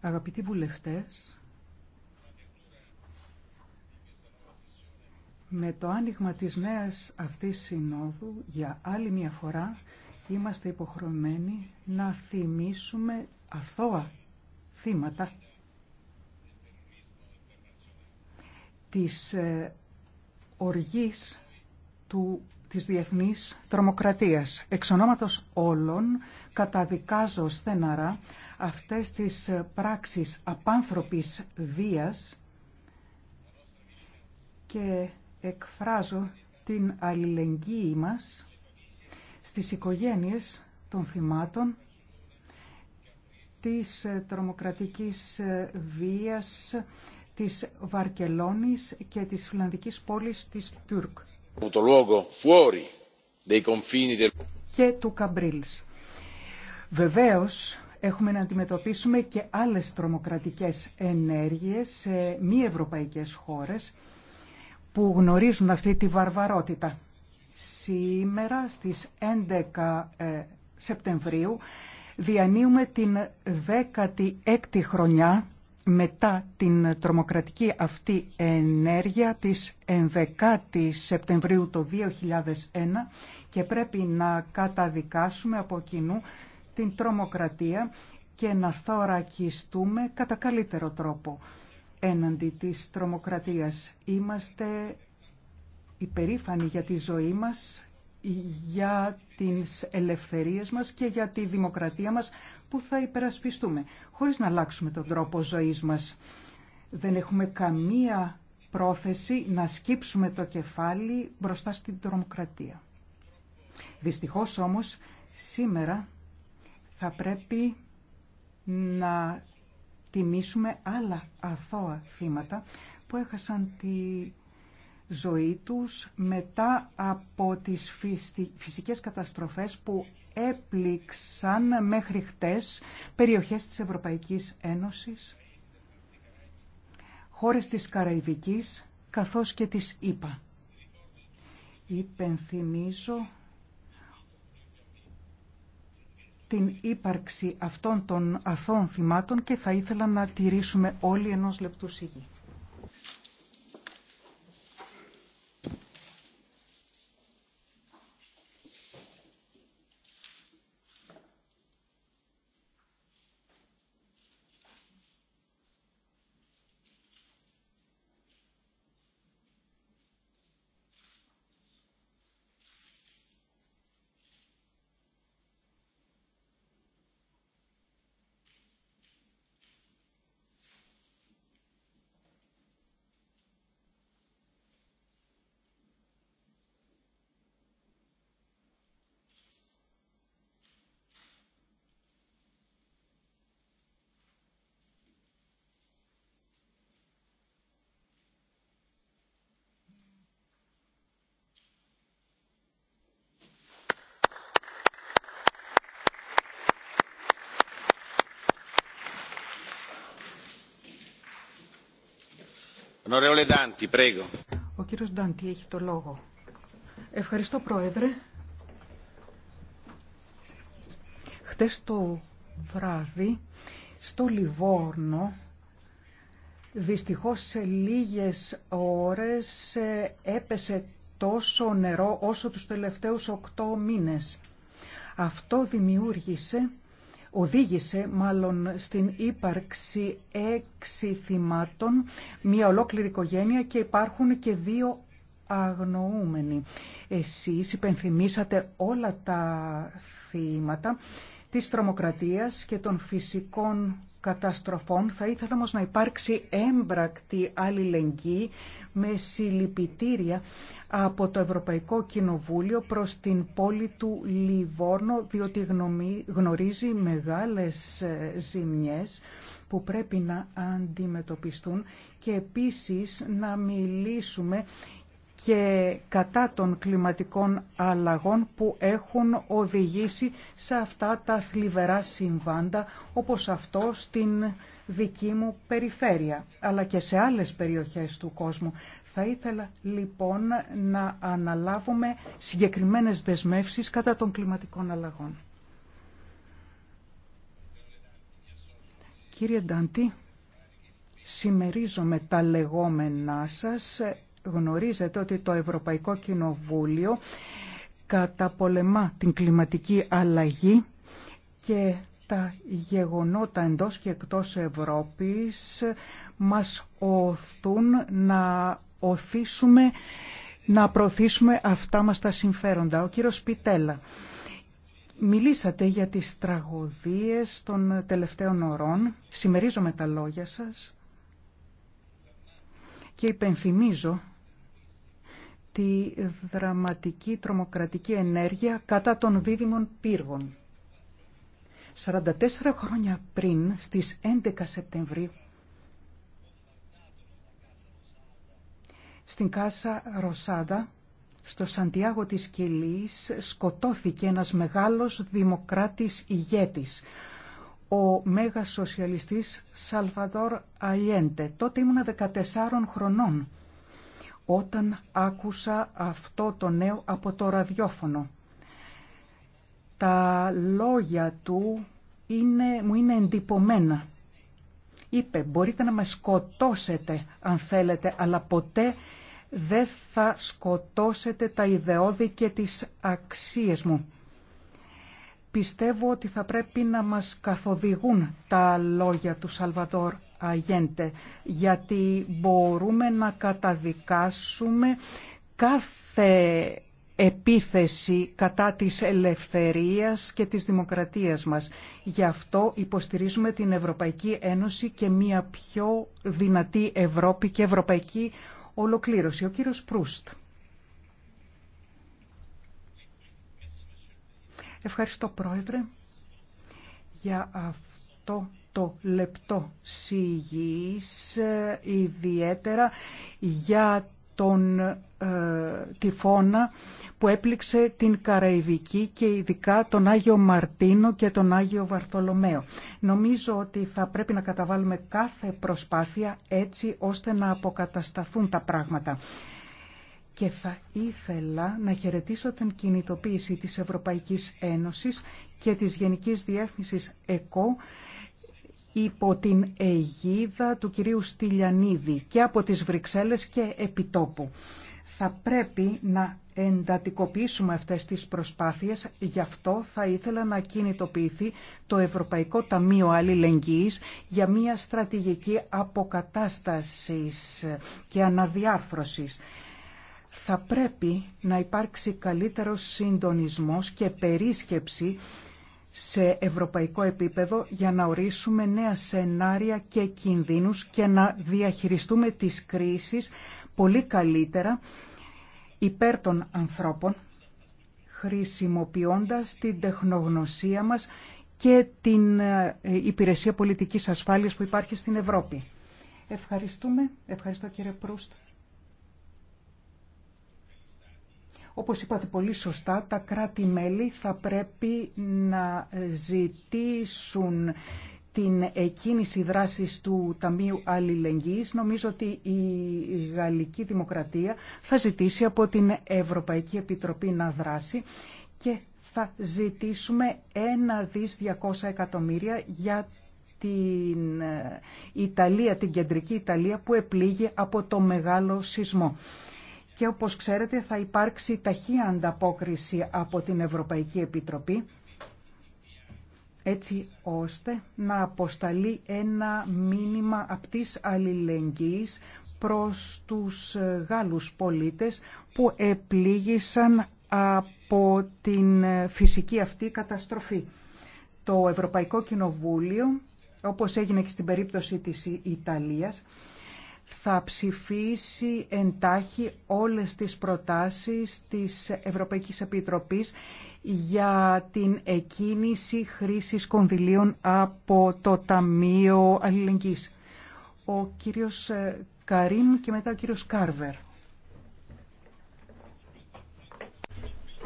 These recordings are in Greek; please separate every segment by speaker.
Speaker 1: Αγαπητοί βουλευτές, με το άνοιγμα της νέας αυτής συνόδου, για άλλη μια φορά, είμαστε υποχρεωμένοι να θυμίσουμε αθώα θύματα της ε, οργής του, της διεθνής τρομοκρατίας. Εξ όλων καταδικάζω στέναρα αυτές τις πράξεις απάνθρωπης βίας και εκφράζω την αλληλεγγύη μας στις οικογένειες των θυμάτων της τρομοκρατικής βίας της Βαρκελόνης και της φιλανδικής πόλης της Τούρκ και του Καμπρίλ. Βεβαίως, έχουμε να αντιμετωπίσουμε και άλλες τρομοκρατικές ενέργειες σε μη ευρωπαϊκές χώρες που γνωρίζουν αυτή τη βαρβαρότητα. Σήμερα στις 11 ε, Σεπτεμβρίου διανύουμε την 16η χρονιά μετά την τρομοκρατική αυτή ενέργεια της 11 η Σεπτεμβρίου το 2001 και πρέπει να καταδικάσουμε από κοινού την τρομοκρατία και να θωρακιστούμε κατά καλύτερο τρόπο έναντι της τρομοκρατίας. Είμαστε υπερήφανοι για τη ζωή μας για τις ελευθερίες μας και για τη δημοκρατία μας που θα υπερασπιστούμε, χωρίς να αλλάξουμε τον τρόπο ζωής μας. Δεν έχουμε καμία πρόθεση να σκύψουμε το κεφάλι μπροστά στην τρομοκρατία. Δυστυχώς όμως σήμερα θα πρέπει να τιμήσουμε άλλα αθώα θύματα που έχασαν τη ζωή τους μετά από τις φυσικές καταστροφές που έπληξαν μέχρι χτες περιοχές της Ευρωπαϊκής Ένωσης, χώρες της Καραϊβικής καθώς και της ΗΠΑ. Υπενθυμίζω την ύπαρξη αυτών των αθώων θυμάτων και θα ήθελα να τηρήσουμε όλοι ενός λεπτού σιγή. Ο κύριος Ντάντι έχει το λόγο. Ευχαριστώ Πρόεδρε. Χτες το βράδυ στο Λιβόρνο δυστυχώς σε λίγες ώρες ε, έπεσε τόσο νερό όσο τους τελευταίους οκτώ μήνες. Αυτό δημιούργησε οδήγησε μάλλον στην ύπαρξη έξι θυμάτων, μια ολόκληρη οικογένεια και υπάρχουν και δύο αγνοούμενοι. Εσείς υπενθυμίσατε όλα τα θύματα της τρομοκρατίας και των φυσικών καταστροφών. Θα ήθελα όμως να υπάρξει έμπρακτη αλληλεγγύη με συλληπιτήρια από το Ευρωπαϊκό Κοινοβούλιο προς την πόλη του Λιβόρνο, διότι γνωρίζει μεγάλες ε, ζημιές που πρέπει να αντιμετωπιστούν και επίσης να μιλήσουμε και κατά των κλιματικών αλλαγών που έχουν οδηγήσει σε αυτά τα θλιβερά συμβάντα όπως αυτό στην δική μου περιφέρεια αλλά και σε άλλες περιοχές του κόσμου. Θα ήθελα λοιπόν να αναλάβουμε συγκεκριμένες δεσμεύσεις κατά των κλιματικών αλλαγών. Κύριε Ντάντη, συμμερίζομαι τα λεγόμενά σας γνωρίζετε ότι το Ευρωπαϊκό Κοινοβούλιο καταπολεμά την κλιματική αλλαγή και τα γεγονότα εντός και εκτός Ευρώπης μας οθούν να οθήσουμε, να προωθήσουμε αυτά μας τα συμφέροντα. Ο κύριος Πιτέλα, μιλήσατε για τις τραγωδίες των τελευταίων ωρών, συμμερίζομαι τα λόγια σας και υπενθυμίζω τη δραματική τρομοκρατική ενέργεια κατά των δίδυμων πύργων. 44 χρόνια πριν, στις 11 Σεπτεμβρίου, στην Κάσα Ροσάδα, στο Σαντιάγο της Κιλής, σκοτώθηκε ένας μεγάλος δημοκράτης ηγέτης, ο μέγας σοσιαλιστής Σαλβαδόρ Αλιέντε. Τότε ήμουνα 14 χρονών όταν άκουσα αυτό το νέο από το ραδιόφωνο. Τα λόγια του είναι, μου είναι εντυπωμένα. Είπε, μπορείτε να με σκοτώσετε αν θέλετε, αλλά ποτέ δεν θα σκοτώσετε τα ιδεώδη και τις αξίες μου. Πιστεύω ότι θα πρέπει να μας καθοδηγούν τα λόγια του Σαλβαδόρ Αγέντε, γιατί μπορούμε να καταδικάσουμε κάθε επίθεση κατά της ελευθερίας και της δημοκρατίας μας. Γι' αυτό υποστηρίζουμε την Ευρωπαϊκή Ένωση και μια πιο δυνατή Ευρώπη και ευρωπαϊκή ολοκλήρωση. Ο κύριος Προύστ. Ευχαριστώ Πρόεδρε για αυτό το λεπτό σιγής, ε, ιδιαίτερα για τον ε, τυφώνα που έπληξε την Καραϊβική και ειδικά τον Άγιο Μαρτίνο και τον Άγιο Βαρθολομαίο. Νομίζω ότι θα πρέπει να καταβάλουμε κάθε προσπάθεια έτσι ώστε να αποκατασταθούν τα πράγματα. Και θα ήθελα να χαιρετήσω την κινητοποίηση της Ευρωπαϊκής Ένωσης και της Γενικής Διεύθυνσης ΕΚΟ υπό την αιγίδα του κυρίου Στυλιανίδη και από τις Βρυξέλλες και επιτόπου. Θα πρέπει να εντατικοποιήσουμε αυτές τις προσπάθειες, γι' αυτό θα ήθελα να κινητοποιηθεί το Ευρωπαϊκό Ταμείο Αλληλεγγύης για μια στρατηγική αποκατάστασης και αναδιάρθρωσης. Θα πρέπει να υπάρξει καλύτερος συντονισμός και περίσκεψη σε ευρωπαϊκό επίπεδο για να ορίσουμε νέα σενάρια και κινδύνους και να διαχειριστούμε τις κρίσεις πολύ καλύτερα υπέρ των ανθρώπων, χρησιμοποιώντας την τεχνογνωσία μας και την ε, υπηρεσία πολιτικής ασφάλειας που υπάρχει στην Ευρώπη. Ευχαριστούμε. Ευχαριστώ κύριε Προύστ. Όπως είπατε πολύ σωστά, τα κράτη-μέλη θα πρέπει να ζητήσουν την εκκίνηση δράσης του Ταμείου Αλληλεγγύης. Νομίζω ότι η Γαλλική Δημοκρατία θα ζητήσει από την Ευρωπαϊκή Επιτροπή να δράσει και θα ζητήσουμε ένα δις 200 εκατομμύρια για την ε, Ιταλία, την κεντρική Ιταλία που επλήγει από το μεγάλο σεισμό και όπως ξέρετε θα υπάρξει ταχεία ανταπόκριση από την Ευρωπαϊκή Επιτροπή έτσι ώστε να αποσταλεί ένα μήνυμα απτής αλληλεγγύης προς τους ε, Γάλλους πολίτες που επλήγησαν από την ε, φυσική αυτή καταστροφή. Το Ευρωπαϊκό Κοινοβούλιο, όπως έγινε και στην περίπτωση της Ιταλίας, θα ψηφίσει εντάχει όλες τις προτάσεις της Ευρωπαϊκής Επιτροπής για την εκκίνηση χρήσης κονδυλίων από το Ταμείο Αλληλεγγύης. Ο κύριος ε, Καρίν και μετά ο κύριος Κάρβερ.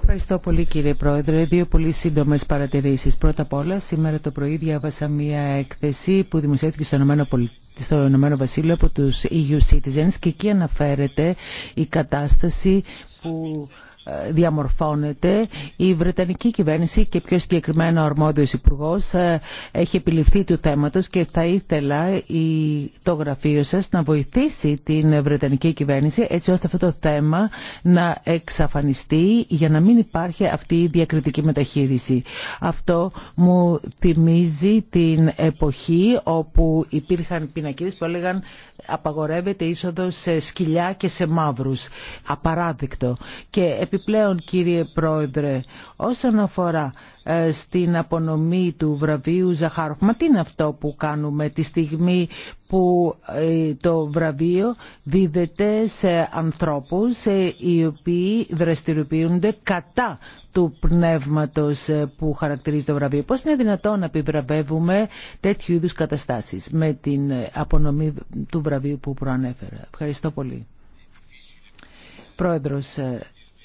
Speaker 2: Ευχαριστώ πολύ κύριε Πρόεδρε. Δύο πολύ σύντομε παρατηρήσει. Πρώτα απ' όλα, σήμερα το πρωί διάβασα μία έκθεση που δημοσιεύτηκε στο ΗΠΑ στο Ηνωμένο Βασίλειο από τους EU Citizens και εκεί αναφέρεται η κατάσταση που διαμορφώνεται. Η Βρετανική κυβέρνηση και πιο συγκεκριμένα ο αρμόδιος υπουργό ε, έχει επιληφθεί του θέματος και θα ήθελα το γραφείο σας να βοηθήσει την Βρετανική κυβέρνηση έτσι ώστε αυτό το θέμα να εξαφανιστεί για να μην υπάρχει αυτή η διακριτική μεταχείριση. Αυτό μου θυμίζει την εποχή όπου υπήρχαν πινακίδες που έλεγαν απαγορεύεται είσοδος σε σκυλιά και σε μαύρους. Απαράδεικτο. Και πλέον κύριε Πρόεδρε όσον αφορά ε, στην απονομή του βραβείου Ζαχάροφ. Μα τι είναι αυτό που κάνουμε τη στιγμή που ε, το βραβείο δίδεται σε ανθρώπους ε, οι οποίοι δραστηριοποιούνται κατά του πνεύματος που χαρακτηρίζει το βραβείο. Πώς είναι δυνατόν να επιβραβεύουμε τέτοιου είδους καταστάσεις με την απονομή του βραβείου που προανέφερα. Ευχαριστώ πολύ. Πρόεδρος,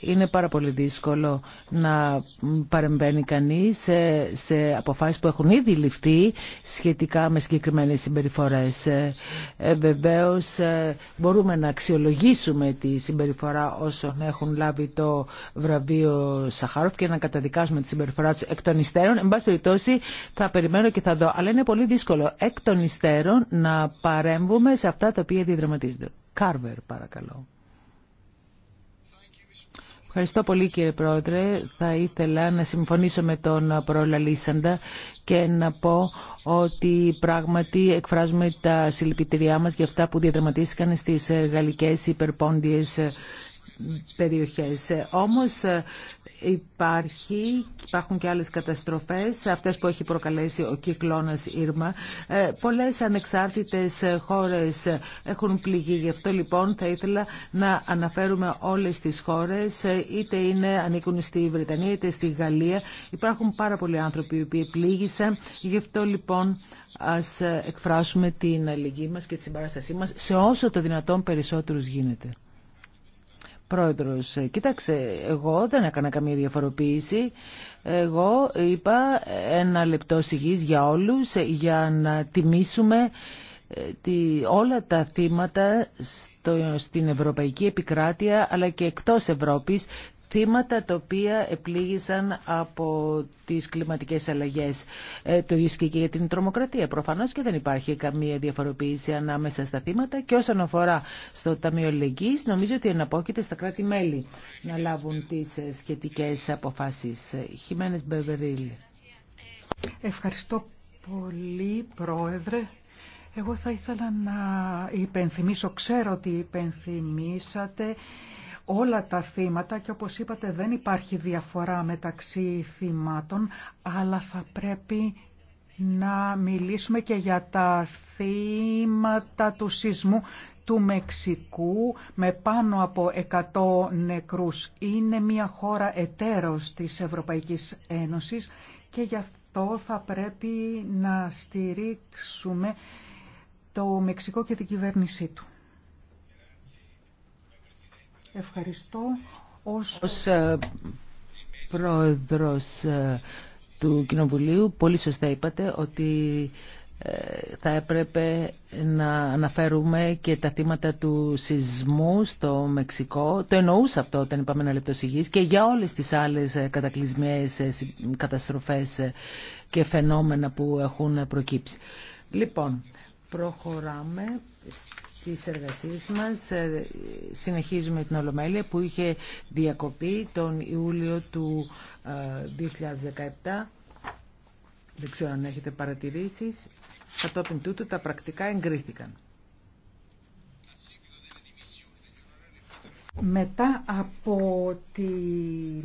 Speaker 2: είναι πάρα πολύ δύσκολο να παρεμβαίνει κανείς σε, σε αποφάσεις που έχουν ήδη ληφθεί σχετικά με συγκεκριμένες συμπεριφορές. Ε, ε βεβαίως ε, μπορούμε να αξιολογήσουμε τη συμπεριφορά όσων έχουν λάβει το βραβείο Σαχάροφ και να καταδικάσουμε τη συμπεριφορά τους εκ των υστέρων. Εν πάση περιπτώσει θα περιμένω και θα δω. Αλλά είναι πολύ δύσκολο εκ των υστέρων να παρέμβουμε σε αυτά τα οποία διαδραματίζονται. Κάρβερ παρακαλώ. Ευχαριστώ πολύ κύριε Πρόεδρε. Θα ήθελα να συμφωνήσω με τον προλαλήσαντα και να πω ότι πράγματι εκφράζουμε τα συλληπιτηριά μας για αυτά που διαδραματίστηκαν στις γαλλικές υπερπόντιες περιοχές. Ε, όμως ε, υπάρχει, υπάρχουν και άλλες καταστροφές, αυτές που έχει προκαλέσει ο κυκλώνας Ήρμα. Ε, πολλές ανεξάρτητες χώρες έχουν πληγεί, γι' αυτό λοιπόν θα ήθελα να αναφέρουμε όλες τις χώρες, είτε είναι, ανήκουν στη Βρετανία είτε στη Γαλλία. Υπάρχουν πάρα πολλοί άνθρωποι οι οποίοι πλήγησαν, γι' αυτό λοιπόν ας εκφράσουμε την αλληλεγγύη μας και τη συμπαράστασή μας σε όσο το δυνατόν περισσότερους γίνεται. Πρόεδρος, ε, κοίταξε, εγώ δεν έκανα καμία διαφοροποίηση. Εγώ είπα ένα λεπτό σιγής για όλους ε, για να τιμήσουμε ε, όλα τα θύματα στην ευρωπαϊκή επικράτεια αλλά και εκτός Ευρώπης θύματα τα οποία επλήγησαν από τις κλιματικές αλλαγές. Ε, το ίδιο και για την τρομοκρατία. Προφανώς και δεν υπάρχει καμία διαφοροποίηση ανάμεσα στα θύματα και όσον αφορά στο Ταμείο Λεγγύης νομίζω ότι εναπόκειται στα κράτη-μέλη να λάβουν τις ε, σχετικές αποφάσεις. Ε, Χιμένες Μπεβερίλη.
Speaker 1: Ευχαριστώ πολύ, Πρόεδρε. Εγώ θα ήθελα να υπενθυμίσω, ξέρω ότι υπενθυμίσατε όλα τα θύματα και όπως είπατε δεν υπάρχει διαφορά μεταξύ θυμάτων, αλλά θα πρέπει να μιλήσουμε και για τα θύματα του σεισμού του Μεξικού με πάνω από 100 νεκρούς. Είναι μια χώρα εταίρος της Ευρωπαϊκής Ένωσης και γι' αυτό θα πρέπει να στηρίξουμε το Μεξικό και την κυβέρνησή του. Ευχαριστώ. Ως,
Speaker 2: ως ε, πρόεδρος ε, του Κοινοβουλίου, πολύ σωστά είπατε ότι ε, θα έπρεπε να αναφέρουμε και τα θύματα του σεισμού στο Μεξικό. Το εννοούσα αυτό όταν είπαμε να λεπτό και για όλες τις άλλες κατακλυσμιές καταστροφές και φαινόμενα που έχουν προκύψει. Λοιπόν, προχωράμε της εργασίας μας. Ε, συνεχίζουμε την Ολομέλεια που είχε διακοπεί τον Ιούλιο του 2017. Ε, Δεν ξέρω αν έχετε παρατηρήσει. Κατόπιν τούτου τα πρακτικά εγκρίθηκαν.
Speaker 1: Μετά από την